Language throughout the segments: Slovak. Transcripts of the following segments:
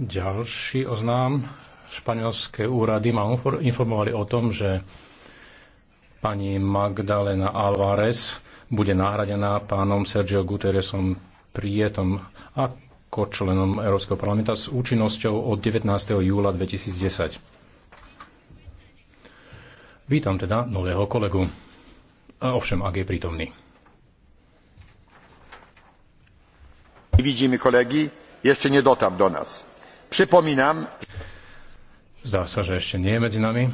Ďalší oznám. Španielské úrady ma informovali o tom, že pani Magdalena Alvarez bude nahradená pánom Sergio Guterresom Prietom ako členom Európskeho parlamenta s účinnosťou od 19. júla 2010. Vítam teda nového kolegu. A ovšem, ak je prítomný. Vidíme kolegy, ešte nedotarł do nás. Pripomínam. Zdá sa, že ešte nie je medzi nami.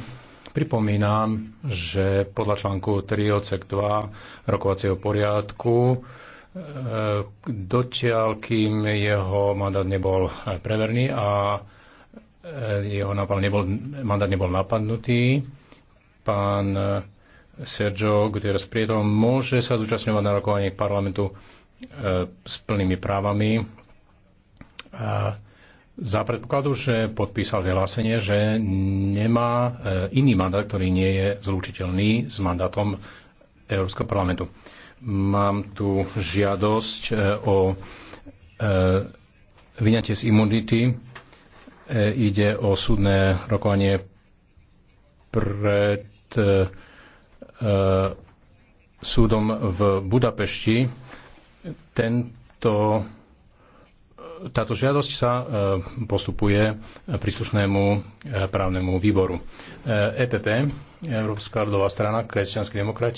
Pripomínam, že podľa článku 3 odsek 2 rokovacieho poriadku e, dotiaľ, kým jeho mandát nebol preverný a e, jeho nápad nebol, mandát nebol napadnutý, pán e, Sergio Gutierrez Prieto môže sa zúčastňovať na rokovanie parlamentu s plnými právami za predpokladu, že podpísal vyhlásenie, že nemá e, iný mandát, ktorý nie je zlučiteľný s mandátom Európskeho parlamentu. Mám tu žiadosť e, o e, vyňatie z imunity. Ide o súdne rokovanie pred súdom v Budapešti. Tento táto žiadosť sa e, postupuje e, príslušnému e, právnemu výboru. EPP, Európska ľudová strana, kresťanskí demokrati,